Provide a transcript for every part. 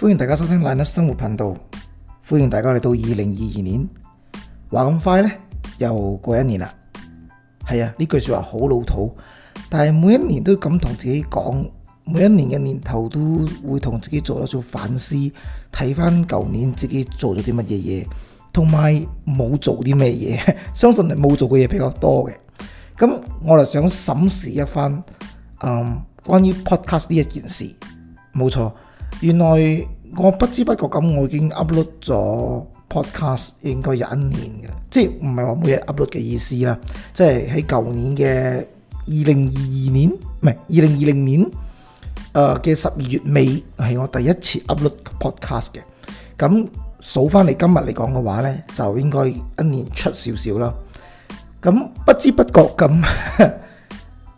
歡迎大家收聽懶人生活頻道，歡迎大家嚟到二零二二年，話咁快咧，又過一年啦。係啊，呢句說話好老土，但係每一年都咁同自己講，每一年嘅年頭都會同自己做一做反思，睇翻舊年自己做咗啲乜嘢嘢，同埋冇做啲咩嘢。相信你冇做嘅嘢比較多嘅，咁我就想審視一番，嗯，關於 podcast 呢一件事，冇錯。原來我不知不覺咁，我已經 upload 咗 podcast 應該有一年嘅，即係唔係話每日 upload 嘅意思啦。即係喺舊年嘅二零二二年，唔係二零二零年，誒嘅十二月尾係我第一次 upload podcast 嘅。咁數翻你今日嚟講嘅話咧，就應該一年出少少啦。咁不知不覺咁，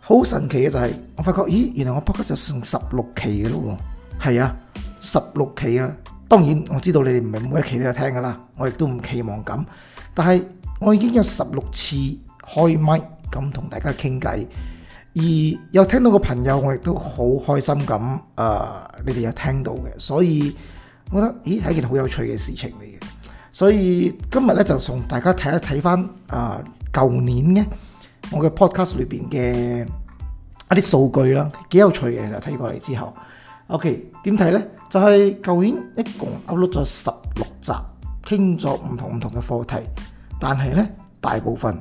好神奇嘅就係、是、我發覺，咦，原來我 podcast 就成十六期嘅咯喎。係啊，十六期啦。當然我知道你哋唔係每一期都有聽噶啦，我亦都唔期望咁。但係我已經有十六次開麥咁同大家傾偈，而有聽到嘅朋友，我亦都好開心咁。誒、呃，你哋有聽到嘅，所以我覺得咦係一件好有趣嘅事情嚟嘅。所以今日咧就同大家睇、呃、一睇翻誒舊年嘅我嘅 podcast 裏邊嘅一啲數據啦，幾有趣嘅，就睇過嚟之後。O.K. 點睇呢？就係舊年一共 upload 咗十六集，傾咗唔同唔同嘅課題，但係呢，大部分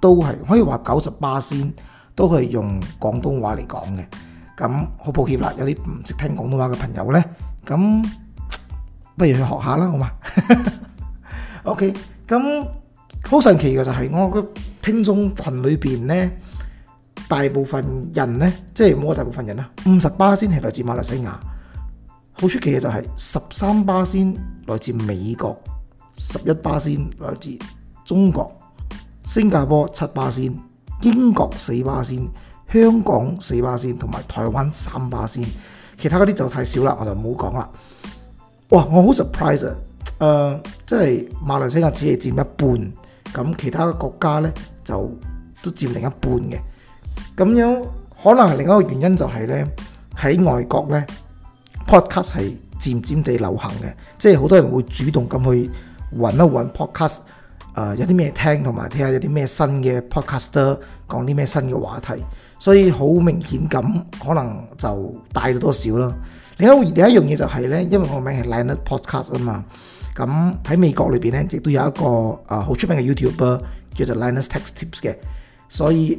都係可以話九十八先，都係用廣東話嚟講嘅。咁好抱歉啦，有啲唔識聽廣東話嘅朋友呢，咁不如去學下啦，好嘛 ？O.K. 咁好神奇嘅就係我個聽眾群裏邊呢。大部分人呢，即係冇話大部分人啦。五十巴仙係來自馬來西亞，好出奇嘅就係十三巴仙來自美國，十一巴仙來自中國，新加坡七巴仙，英國四巴仙，香港四巴仙，同埋台灣三巴仙。其他嗰啲就太少啦，我就唔好講啦。哇！我好 surprise 啊！誒，即係馬來西亞只係佔一半，咁其他國家呢，就都佔另一半嘅。咁樣可能係另一個原因就呢，就係咧喺外國咧 podcast 係漸漸地流行嘅，即係好多人會主動咁去揾一揾 podcast，誒、呃、有啲咩聽，同埋睇下有啲咩新嘅 podcaster 講啲咩新嘅話題，所以好明顯咁可能就大咗多少啦。另一另一樣嘢就係咧，因為我名係 Linus Podcast 啊嘛，咁喺美國裏邊咧亦都有一個啊好出名嘅 YouTuber 叫做 Linus Tech Tips 嘅，所以。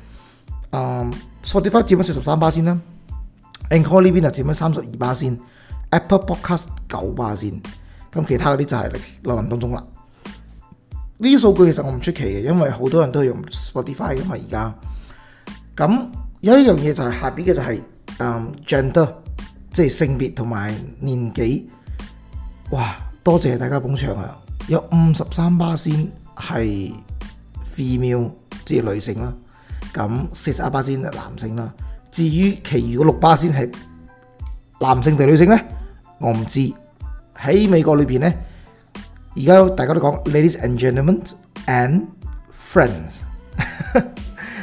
誒 Spotify 佔咗四十三巴先啦，Encore 呢邊就佔咗三十二巴先，Apple Podcast 九巴先，咁其他嗰啲就係落臨當中啦。呢啲數據其實我唔出奇嘅，因為好多人都係用 Spotify，嘅嘛。而家。咁有一樣嘢就係下邊嘅就係、是、誒、um, gender，即係性別同埋年紀。哇！多謝大家捧場啊！有五十三巴先係 female，即係女性啦。咁四十阿巴先男性啦，至於其餘嗰六巴先係男性定女性呢？我唔知。喺美國裏邊呢，而家大家都講 ladies and gentlemen and friends，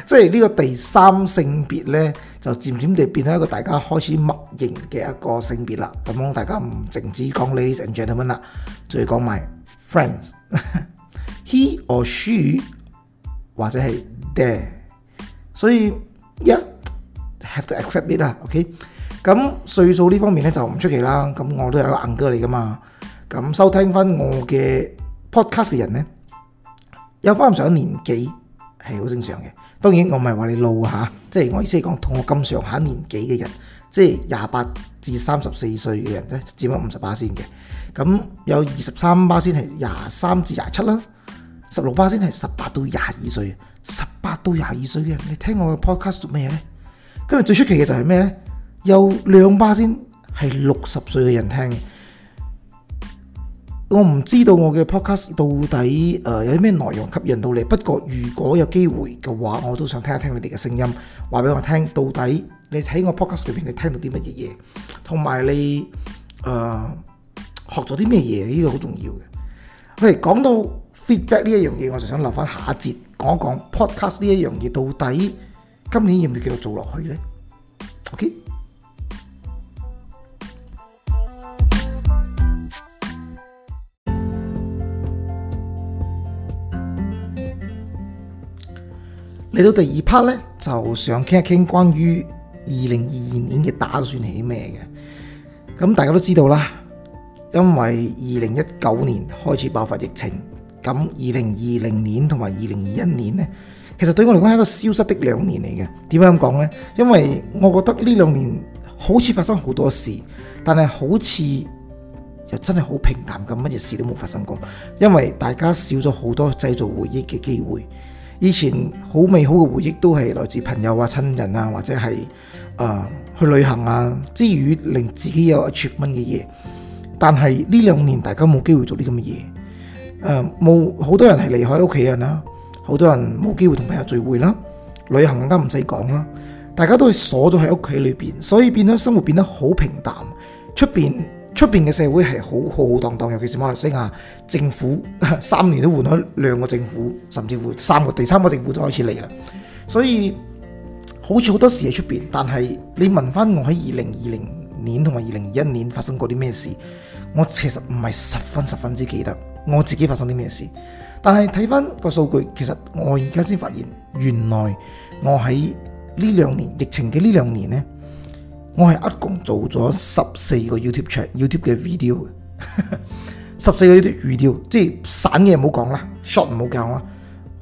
即係呢個第三性別呢，就漸漸地變咗一個大家開始默認嘅一個性別啦。咁樣大家唔淨止講 ladies and gentlemen 啦，仲要講埋 friends，he or she 或者係 there。所以，一 have to accept it 啊，OK？咁歲數呢方面咧就唔出奇啦。咁我都有個硬哥嚟噶嘛。咁收聽翻我嘅 podcast 嘅人咧，有翻咁上下年紀係好正常嘅。當然我唔係話你老吓，即係我意思係講同我咁上下年紀嘅人，即係廿八至三十四歲嘅人咧，佔咗五十八先嘅。咁有二十三巴先係廿三至廿七啦，十六巴先係十八到廿二歲。十八到廿二歲嘅人，你聽我嘅 podcast 做咩呢？跟住最出奇嘅就係咩呢？有兩巴仙係六十歲嘅人聽嘅。我唔知道我嘅 podcast 到底誒、呃、有啲咩內容吸引到你。不過如果有機會嘅話，我都想聽一聽你哋嘅聲音，話俾我聽。到底你睇我 podcast 裏邊，你聽到啲乜嘢嘢？同埋你誒、呃、學咗啲咩嘢？呢個好重要嘅。喂，講到～Feedback 呢一樣嘢，我就想留翻下，下一節講一講 podcast 呢一樣嘢，到底今年要唔要繼續做落去呢？OK，嚟到第二 part 咧，就想傾一傾關於二零二二年嘅打算係咩嘅？咁大家都知道啦，因為二零一九年開始爆發疫情。咁二零二零年同埋二零二一年呢，其實對我嚟講係一個消失的兩年嚟嘅。點樣講呢？因為我覺得呢兩年好似發生好多事，但係好似又真係好平淡咁，乜嘢事都冇發生過。因為大家少咗好多製造回憶嘅機會。以前好美好嘅回憶都係來自朋友啊、親人啊，或者係啊、呃、去旅行啊之馀，令自己有 achievement 嘅嘢。但係呢兩年大家冇機會做啲咁嘅嘢。誒，冇好多人係離開屋企人啦，好多人冇機會同朋友聚會啦，旅行更加唔使講啦，大家都係鎖咗喺屋企裏邊，所以變咗生活變得好平淡。出邊出邊嘅社會係好浩浩蕩蕩，尤其是馬來西亞政府三年都換咗兩個政府，甚至乎三個第三個政府都開始嚟啦。所以好似好多事喺出邊，但係你問翻我喺二零二零年同埋二零二一年發生過啲咩事，我其實唔係十分十分之記得。我自己發生啲咩事，但係睇翻個數據，其實我而家先發現，原來我喺呢兩年疫情嘅呢兩年咧，我係一共做咗十四個 you YouTube 長 YouTube 嘅 video，十 四個 YouTube video，即係散嘅唔好講啦 short 唔好教啦，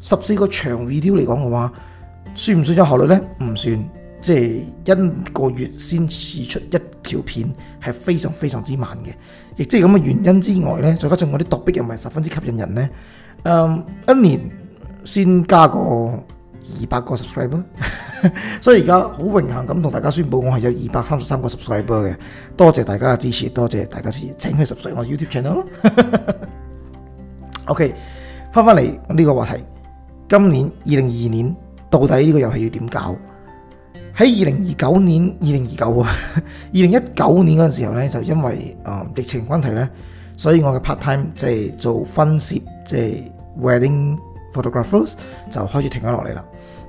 十四個長 video 嚟講嘅話，算唔算有效率咧？唔算。即係一個月先試出一條片，係非常非常之慢嘅。亦即係咁嘅原因之外咧，再加上我啲墮逼又唔係十分之吸引人咧。誒、嗯，一年先加個二百個 subscriber，所以而家好榮幸咁同大家宣佈，我係有二百三十三個 subscriber 嘅。多謝大家嘅支持，多謝大家支持。請佢 subscribe 我 YouTube channel 咯。 OK，翻返嚟呢個話題，今年二零二二年到底呢個遊戲要點搞？喺二零二九年、二零二九啊、二零一九年嗰陣時候呢，就因為誒、呃、疫情關係呢，所以我嘅 part time 即係做婚攝，即、就、係、是、wedding photographers 就開始停咗落嚟啦。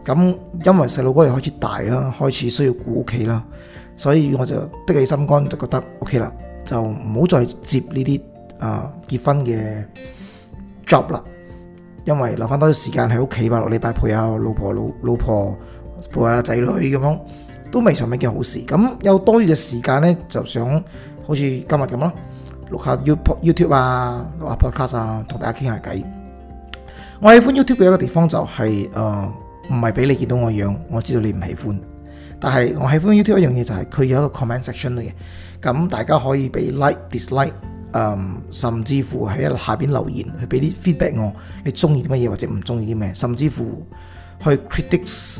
咁因為細路哥又開始大啦，開始需要顧屋企啦，所以我就的起心肝，就覺得 O K 啦，就唔好再接呢啲誒結婚嘅 job 啦，因為留翻多啲時間喺屋企吧，六禮拜陪下老婆老老婆。老老婆陪下仔女咁樣都未算咩嘅好事。咁有多餘嘅時間呢，就想好似今日咁咯，錄下 YouTube、YouTube 啊，錄下 Podcast 啊，同大家傾下偈。我喜歡 YouTube 嘅一個地方就係、是、誒，唔係俾你見到我樣，我知道你唔喜歡，但係我喜歡 YouTube 一樣嘢就係、是、佢有一個 comment section 嚟嘅，咁大家可以俾 like、dislike，誒、嗯、甚至乎喺下邊留言去俾啲 feedback 我，你中意啲乜嘢或者唔中意啲咩，甚至乎去 critics。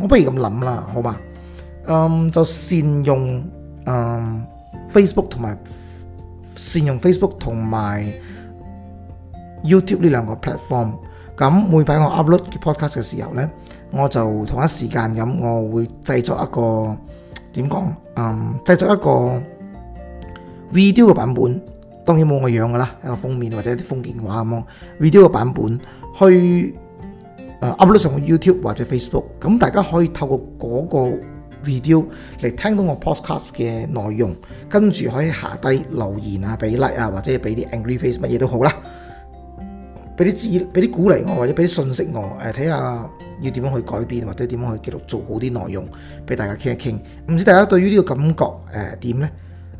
我不如咁諗啦，好嘛？嗯，就善用嗯 Facebook 同埋善用 Facebook 同埋 YouTube 呢兩個 platform。咁每擺我 upload podcast 嘅時候咧，我就同一時間咁，我會製作一個點講？嗯，製作一個 video 嘅版本，當然冇我樣噶啦，一個封面或者啲風景畫咁樣 video 嘅版本去。誒 upload 上個 YouTube 或者 Facebook，咁大家可以透過嗰個 video 嚟聽到我 podcast 嘅內容，跟住可以下低留言啊，俾 like 啊，或者俾啲 angry face 乜嘢都好啦，俾啲指，俾啲鼓勵我，或者俾啲信息我，誒睇下要點樣去改變，或者點樣去繼續做好啲內容，俾大家傾一傾。唔知大家對於呢個感覺誒點呢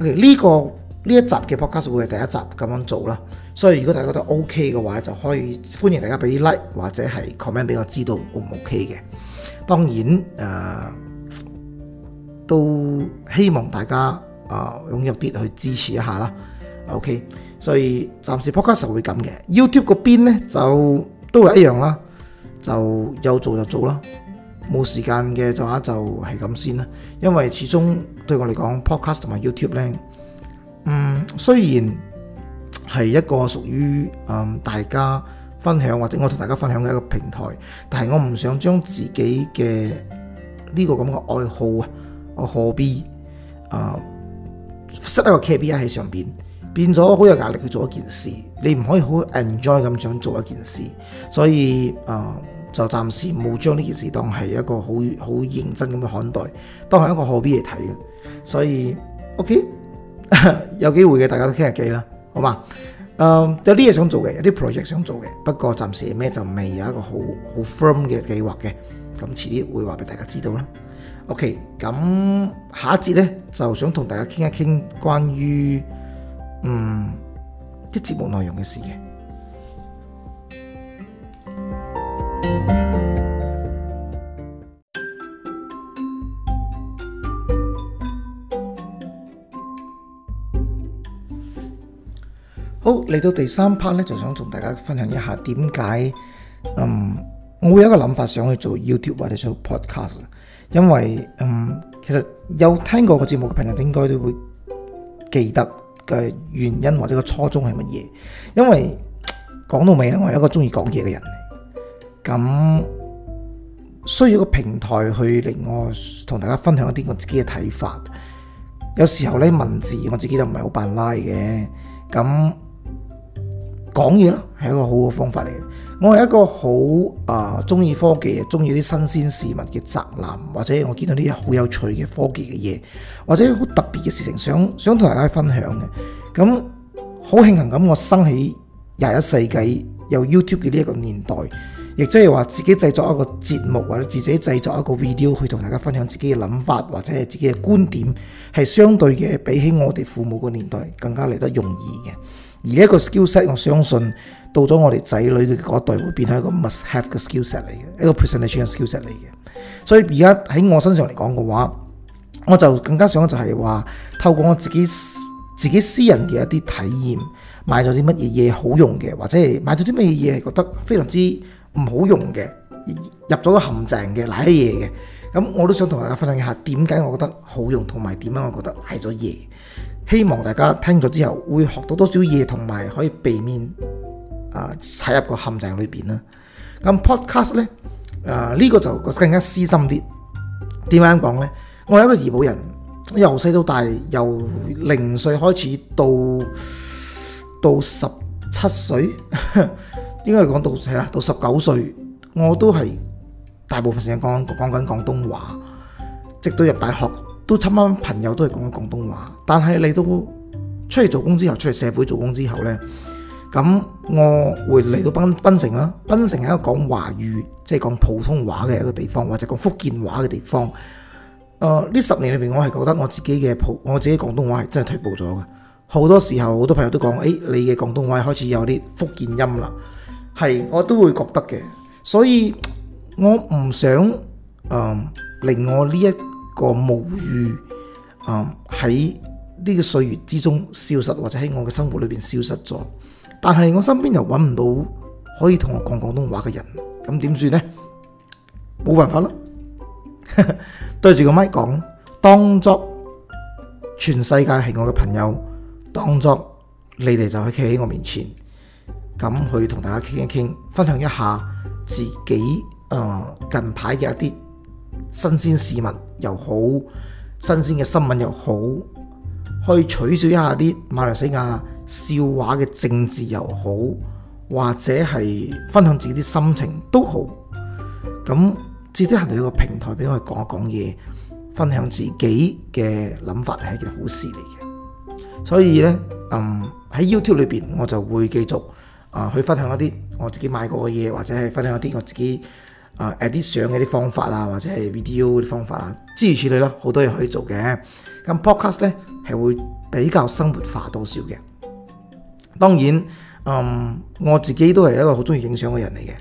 ？OK 呢、這個。呢一集嘅 podcast 會係第一集咁樣做啦，所以如果大家覺得 OK 嘅話就可以歡迎大家俾啲 like 或者係 comment 俾我知道，O 唔 OK 嘅？當然、呃、都希望大家啊，踴躍、呃、一啲去支持一下啦。OK，所以暫時 podcast 會咁嘅，YouTube 嗰邊咧就都係一樣啦，就有做就做啦，冇時間嘅就話就係咁先啦。因為始終對我嚟講 podcast 同埋 YouTube 咧。嗯，雖然係一個屬於、嗯、大家分享或者我同大家分享嘅一個平台，但係我唔想將自己嘅呢個咁嘅愛好啊，我何必啊，塞一個 KPI 喺上邊，變咗好有壓力去做一件事，你唔可以好 enjoy 咁想做一件事，所以誒、啊、就暫時冇將呢件事當係一個好好認真咁樣看待，當係一個何必嚟睇嘅，所以 OK。有機會嘅，大家都傾下偈啦，好嘛？誒，有啲嘢想做嘅，有啲 project 想做嘅，不過暫時咩就未有一個好好 firm 嘅計劃嘅，咁遲啲會話俾大家知道啦。OK，咁下一節呢就想同大家傾一傾關於嗯啲節目內容嘅事嘅。嚟到第三 part 咧，就想同大家分享一下點解，嗯，我會有一個諗法，想去做 YouTube 或者做 Podcast。因為，嗯，其實有聽過個節目嘅朋友應該都會記得嘅原因或者個初衷係乜嘢。因為講到尾咧，我係一個中意講嘢嘅人，嚟，咁需要一個平台去令我同大家分享一啲我自己嘅睇法。有時候咧，文字我自己就唔係好扮拉嘅，咁。講嘢咯，係一個好嘅方法嚟嘅。我係一個好啊，呃，中意科技、中意啲新鮮事物嘅宅男，或者我見到啲好有趣嘅科技嘅嘢，或者好特別嘅事情想，想想同大家分享嘅。咁好慶幸咁，我生喺廿一世紀，有 YouTube 嘅呢一個年代，亦即係話自己製作一個節目或者自己製作一個 video 去同大家分享自己嘅諗法或者係自己嘅觀點，係相對嘅比起我哋父母個年代更加嚟得容易嘅。而一個 skillset，我相信到咗我哋仔女嘅嗰代會變成一個 must have 嘅 skillset 嚟嘅，一個 presentation skillset 嚟嘅。所以而家喺我身上嚟講嘅話，我就更加想就係話透過我自己自己私人嘅一啲體驗，買咗啲乜嘢嘢好用嘅，或者係買咗啲乜嘢嘢係覺得非常之唔好用嘅，入咗個陷阱嘅賴啲嘢嘅。咁我都想同大家分享一下點解我覺得好用，同埋點樣我覺得賴咗嘢。希望大家聽咗之後會學到多少嘢，同埋可以避免啊踩入個陷阱裏邊啦。咁 podcast 咧，啊呢個就更加私心啲。點樣講咧？我係一個怡保人，由細到大，由零歲開始到到十七歲應該講到係啦，到十九歲我都係大部分時間講講緊廣東話，直到入大學。都差多唔朋友都係講緊廣東話，但係你都出嚟做工之後，出嚟社會做工之後呢，咁我會嚟到檳城啦。檳城係一個講華語，即係講普通話嘅一個地方，或者講福建話嘅地方。呢、呃、十年裏面，我係覺得我自己嘅普，我自己廣東話係真係退步咗嘅。好多時候，好多朋友都講：誒、哎，你嘅廣東話開始有啲福建音啦。係，我都會覺得嘅。所以我，我唔想令我呢一個母語，嗯，喺呢個歲月之中消失，或者喺我嘅生活裏邊消失咗，但係我身邊又揾唔到可以同我講廣東話嘅人，咁點算呢？冇辦法咯， 對住個麥講，當作全世界係我嘅朋友，當作你哋就係企喺我面前，咁去同大家傾一傾，分享一下自己誒、嗯、近排嘅一啲。新鮮事物又好，新鮮嘅新聞又好，可以取笑一下啲馬來西亞笑話嘅政治又好，或者係分享自己啲心情都好。咁，自己行到一個平台俾我哋講一講嘢，分享自己嘅諗法係一件好事嚟嘅。所以呢，嗯喺 YouTube 裏邊，我就會繼續啊去分享一啲我自己買過嘅嘢，或者係分享一啲我自己。啊，add 啲相嘅啲方法啊，或者係 video 啲方法啊，諸如此類咯，好多嘢可以做嘅。咁 podcast 咧係會比較生活化多少嘅。當然，嗯，我自己都係一個好中意影相嘅人嚟嘅。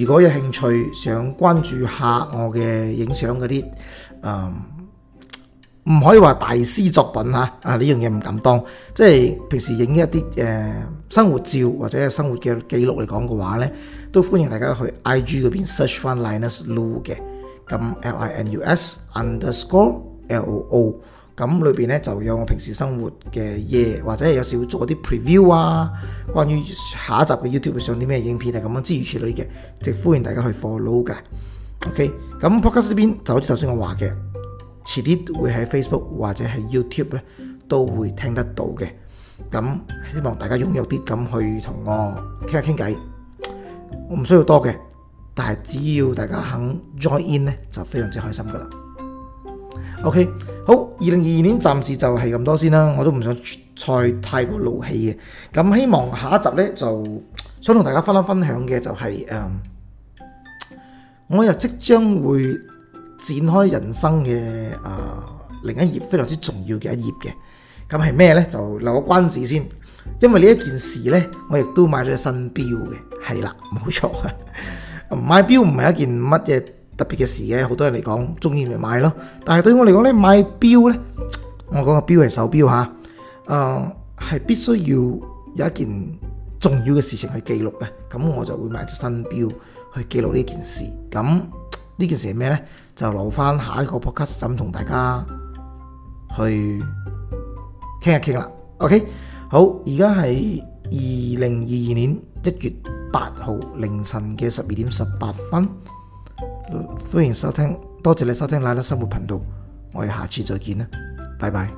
如果有興趣想關注下我嘅影相嗰啲，嗯，唔可以話大師作品嚇，啊呢樣嘢唔敢當。即係平時影一啲誒、呃、生活照或者生活嘅記錄嚟講嘅話咧。都歡迎大家去 IG 嗰邊 search 翻 Linus Loo 嘅，咁 L I N U S underscore L O O，咁裏邊咧就有我平時生活嘅嘢，或者有時會做啲 preview 啊，關於下一集嘅 YouTube 會上啲咩影片係咁樣諸如此類嘅，即歡迎大家去 follow 㗎。OK，咁 Podcast 呢邊就好似頭先我話嘅，遲啲會喺 Facebook 或者喺 YouTube 咧都會聽得到嘅。咁希望大家踴躍啲咁去同我傾下傾偈。我唔需要多嘅，但係只要大家肯 join in 咧，就非常之開心噶啦。OK，好，二零二二年暫時就係咁多先啦，我都唔想再太過勞氣嘅。咁希望下一集咧，就想同大家分享分享嘅就係誒，我又即將會展開人生嘅，誒，另一頁非常之重要嘅一頁嘅。咁係咩咧？就留個關子先。因為呢一件事呢，我亦都買咗隻新表嘅，係啦，冇錯啊！買表唔係一件乜嘢特別嘅事嘅，好多人嚟講中意咪買咯。但係對於我嚟講呢，買表呢，我講個表係手表吓，誒、呃、係必須要有一件重要嘅事情去記錄嘅，咁我就會買隻新表去記錄呢件事。咁呢件事係咩呢？就留翻下一個 podcast 咁同大家去傾一傾啦。OK。好，而家係二零二二年一月八號凌晨嘅十二點十八分，歡迎收聽，多謝你收聽《賴立生活頻道》，我哋下次再見啦，拜拜。